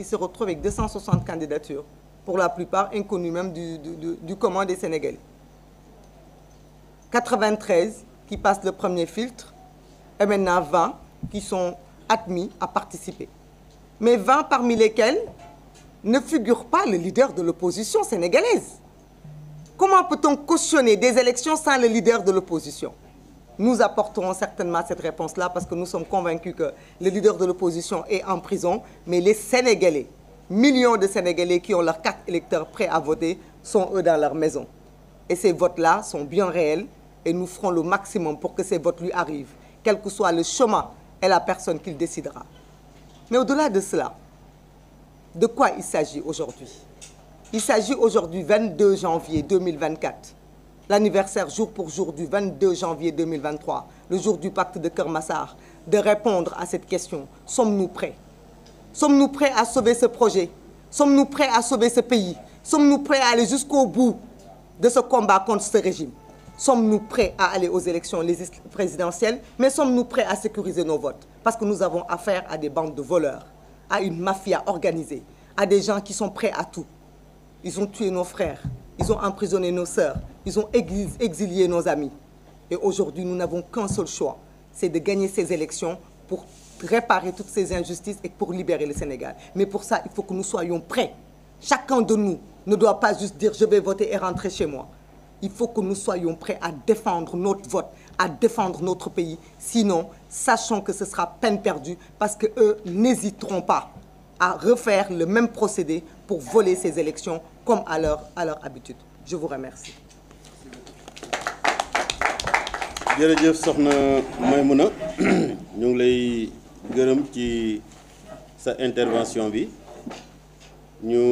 il se retrouve avec 260 candidatures, pour la plupart inconnues même du, du, du commun des Sénégalais. 93 qui passent le premier filtre et maintenant 20 qui sont admis à participer. Mais 20 parmi lesquels ne figure pas le leader de l'opposition sénégalaise. Comment peut-on cautionner des élections sans le leader de l'opposition? Nous apporterons certainement cette réponse-là parce que nous sommes convaincus que le leader de l'opposition est en prison, mais les Sénégalais, millions de Sénégalais qui ont leurs quatre électeurs prêts à voter, sont eux dans Et ces votes-là sont bien réels et nous ferons le maximum pour que ces votes lui et la personne qu'il décidera. Mais au-delà de cela, de quoi il s'agit aujourd'hui Il s'agit aujourd'hui 22 janvier 2024 l'anniversaire jour pour jour du 22 janvier 2023, le jour du pacte de Keur Massar, de répondre à cette question. Sommes-nous prêts? Sommes-nous à sauver ce projet? Sommes-nous prêts à sauver ce pays? Sommes-nous prêts à aller jusqu'au bout de ce combat contre ce régime? Sommes-nous prêts à aller aux élections présidentielles, mais sommes-nous prêts à sécuriser nos votes? Parce que nous avons affaire à des bandes de voleurs, à une mafia organisée, à des gens qui sont prêts à tout. Ils ont tué nos frères, ils ont emprisonné nos sœurs, Ils ont exilié nos amis. Et aujourd'hui, nous n'avons qu'un seul choix, c'est de gagner ces élections pour réparer toutes ces injustices et pour libérer le Sénégal. Mais pour ça, il faut que nous soyons prêts. Chacun de nous ne doit pas juste dire je vais voter et rentrer chez moi. Il faut que nous soyons prêts à défendre notre vote, à pays. Sinon, sachons que ce sera peine perdue parce que eux n'hésiteront pas à refaire le même procédé pour voler ces élections comme à leur, à leur jërëjëf soxna a ñu ngi lay gërëm ci sa intervention bi ñu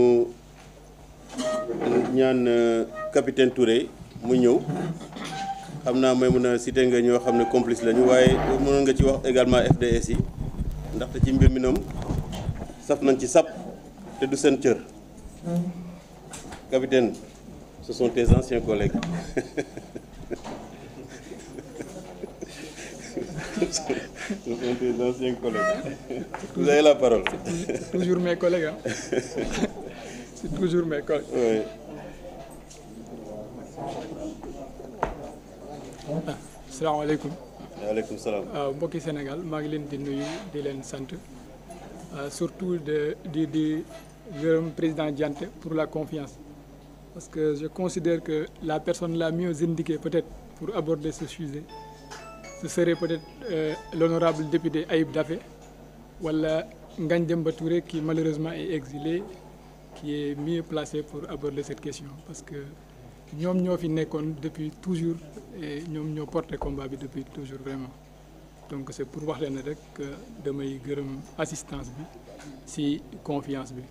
ñaan euh, capitaine Touré mu ñëw xam naa mun a cité nga ñoo xam ne complice lañu waaye mënoon nga ci wax également FDS yi ndaxte ci mbir mi saf nañ ci sap te du seen cër hmm. capitaine ce sont tes anciens collègues des anciens collègues. Vous avez la parole. C'est toujours mes collègues. Hein. C'est toujours mes collègues. Oui. salaamaaleykum. waaleykum salaam. Ah, mbokki Sénégal maa ngi leen di di leen sant ah, surtout de di di gërëm président Diante pour la confiance parce que je considère que la personne la mieux indiquée peut-être pour aborder ce sujet ce serait peut-être euh, l'honorable député Aïb Dafé wala Ngagne Demba Touré qui malheureusement est exilé qui est mieux placé pour aborder cette question parce que ñoom ñoo fi nekkoon depuis toujours et ñoom ñoo porté combat bi depuis toujours vraiment donc c'est pour wax leen rek damay gërëm assistance bi ci confiance bi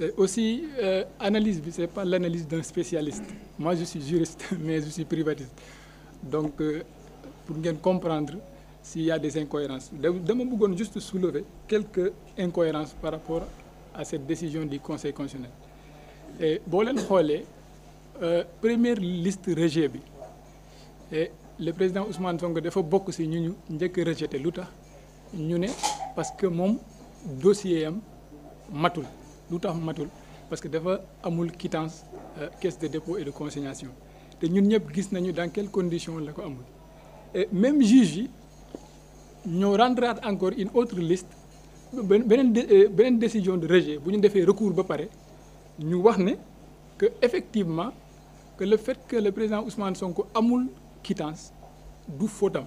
Euh, aussi, euh, analyse, bi n'est pas l'analyse d'un spécialiste. Moi, je suis juriste, mais je suis Donc, euh, pour ngeen comprendre s'il y a des incohérences. Je voulais juste soulever quelques incohérences par rapport a cette décision du Conseil constitutionnel. boo leen xoolee euh, première liste rejet. Et le président Ousmane Sonko dafa bokk si ñu ñu njëkk rejeté lu tax ñu ne parce que moom dossier am matul lu tax matul parce que dafa amul quittance euh, caisse de dépôt et de consignation te ñun ñëpp gis nañu dans quelles conditions la ko amul et même juge yi ñoo rendraat encore une autre liste beneen euh, beneen décision de rejet bu ñu defee recours ba pare ñu wax ne que effectivement que le fait que le président Ousmane Sonko amul quittance du fautam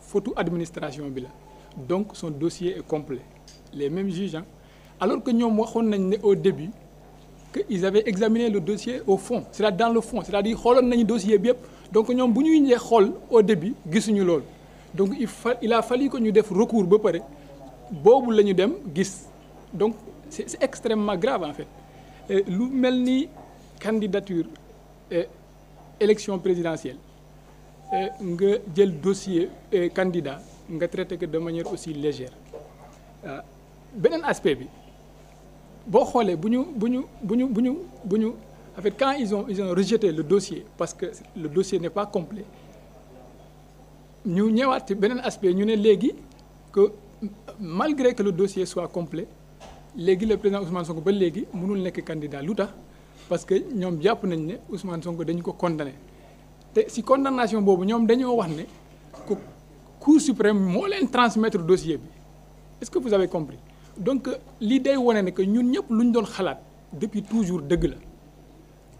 fautu administration bi la donc son dossier est complet même mêmes juges alors que ñoom waxoon nañ ne au début que ils avaient examiné le dossier au fond c'est-à-dire dans le fond c'est-à-dire xooloon nañu dossier bi yëpp donc ñoom bu ñuy ñee xool au début gisuñu loolu donc il fa il a fallu que ñu def recours ba pare boobu la ñu dem gis donc c'est c'est extrêmement grave en fait lu mel ni candidature et élection présidentielle nga jël dossier et nga traité que de manière aussi légère ah, beneen aspect bi. boo xoolee bu ñu bu ñu bu ñu bu ñu bu ñu en fait quand ils ont ils ont rejeté le dossier parce que le dossier n'est pas complet ñu ñëwaat beneen aspect ñu ne léegi que malgré que le dossier soit complet léegi le président Ousmane ko ba léegi mënul nekk candidat lu tax parce que ñoom jàpp nañ ne Ousmane Sonko dañu ko condamné te si condamnation boobu ñoom dañoo wax ne que Cour suprême moo leen transmettre dossier bi est-ce que vous avez compris donc lii day wane ne que ñun ñëpp lu ñu doon xalaat depuis toujours dëgg la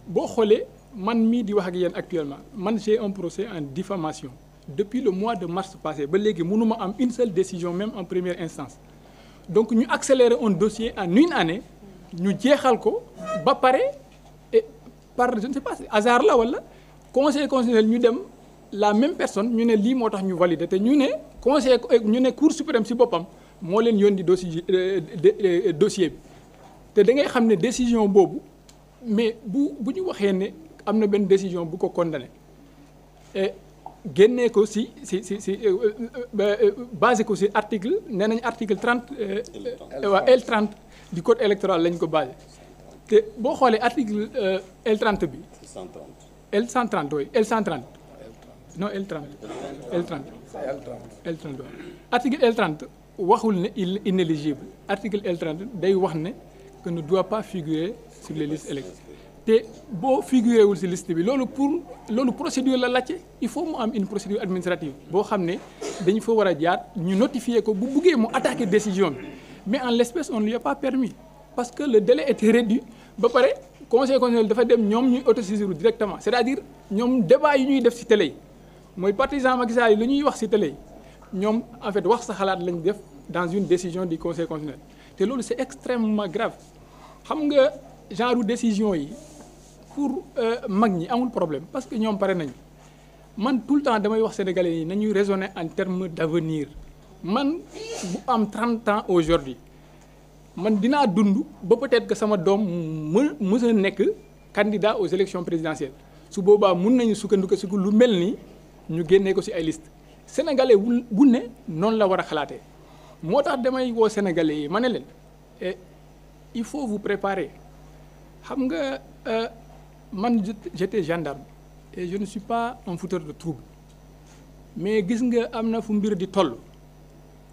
boo xoolee man mii di wax ak yéen actuellement man j'ai un procès en diffamation depuis le mois de mars passé ba léegi mënu ma am une seule décision même en première instance donc ñu accélérer un dossier en une année ñu jeexal ko ba pare par je ne sais pas hasard la wala conseil constitutionnel ñu dem la même personne ñu ne lii moo tax ñu valider te ñu ne conseil ñu ne cour suprême si boppam. moo leen yónni dossier euh, euh, euh, dossier bi te da ngay xam ne décision boobu mais bu bu ñu waxee ne am na benn décision bu ko condamné génnee ko si si si si basé ko si article nee nañ article trente waa L trente du code électoral lañ ko basé te boo xoolee article L trente bi. L cent trente oui L cent trente. non L trente. L trente L trente. L trente waxul ne il inéligible article L30 day wax ne que doit pas figurer sur les listes électives te boo figuré wul si liste bi loolu pour loolu procédure la laajte il faut mu am une procédure administrative boo xam ne dañu fa war a jaar ñu notifier ko bu buggee mu attaquer décision bi mais en l'espèce on ne lui a permis parce que le délai était réduit ba pare conseil constitutionnel dafa dem ñoom ñuy autosaisir directement c'est-à-dire ñoom débat yi ñuy def si télé mooy partisan Macky Sall yi lu ñuy wax si ñoom en fait wax sa xalaat lañu def dans une décision du conseil constitutionnel te loolu c'est extrêmement grave xam nga genre décision yi pour euh, mag ñi amul problème parce que ñoom pare nañ man tout le temps damay wax sénégalais yi nañuy raisonner en termes d'avenir man bu am 30 ans aujourd'hui man dinaa dund ba peut-être que sama doom mu mës a nekk candidat aux élections présidentielles su boobaa mun nañu sukkandiku si lu mel nii ñu génnee ko si ay liste sénégalais wu bu ne noonu la war a xalaatee moo tax damay woo sénégalais yi ma ne leen eh, il faut vous préparer xam nga euh, man j'étais gendarme et je ne suis pas un fouteur de trouble mais gis nga am na fu mbir di toll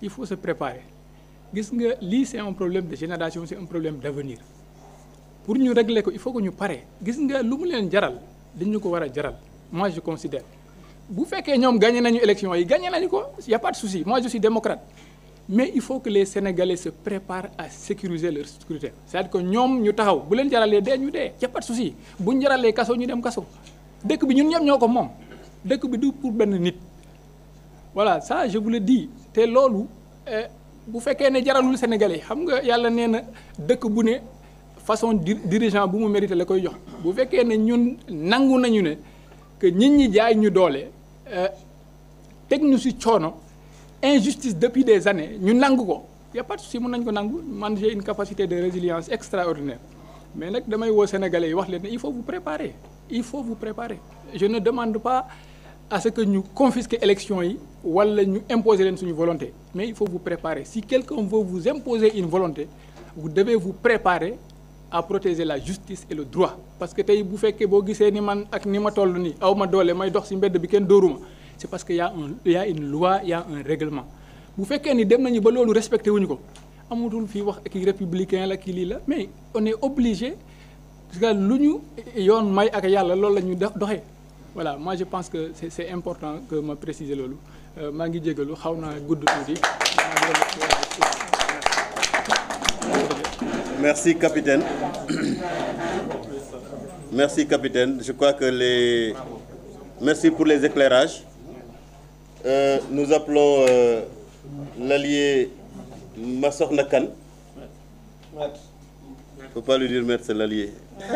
il faut se préparer gis nga lii c'est un problème de génération c'est un problème d'avenir pour ñu régler ko il faut que ñu pare gis nga lu mu leen jaral dañu ko war a jaral moi je considère bu fekkee ñoom gagné nañu élection yi gagné nañu ko y' a pas de souci moi je suis démocrate mais il faut que les sénégalais se préparent à sécuriser leur sécurité c' que ñoom ñu taxaw bu leen jaralee dee ñu dee y' souci bu jaralee kaso ñu dem kaso dëkk bi ñun ñoom ñoo ko moom dëkk bi du pour benn nit voilà ça je vous le dis te loolu eh, bu fekkee ne jaralul sénégalais xam nga yàlla nee na dëkk bu ne façon dirigeant bu mu mérité la koy jox bu fekkee ne ñun nangu nañu ne. que nit ñi jaay ñu doole euh, teg ñu ci coono injustice depuis des années ñu nangu ko y' a mun nañ ko nangu man j'ai une capacité de résilience extraordinaire mais nag damay woo sénégalais yi wax leen ne il faut vous préparer il faut vous préparer je ne demande pas à ce que ñu confisquer élection yi wala ñu imposer leen suñu volonté mais il faut vous préparer si quelque veut vous imposer une volonté vous devez vous préparer à protéger la justice et le droit parce que tey bu fekkee boo gisee ni man ak ni ma toll nii aw ma doole may dox ci mbedd bi kenn dóoruma c'est parce que y a un y a loi y un règlement bu fekkee ni dem nañu ba loolu respecté wuñu ko amatul fii wax ki républicain la ki lii la mais on est obligé parce que lu ñu yoon may ak yàlla loolu la ñu def doxee voilà moi je pense que c'est c'est important que ma préciser loolu euh, maa ngi jégalu xaw naa gudd tuuti Merci, capitaine. Merci, capitaine. Je crois que les... Merci pour les éclairages. Euh, nous appelons euh, l'allié Massor Il faut pas lui dire maître, c'est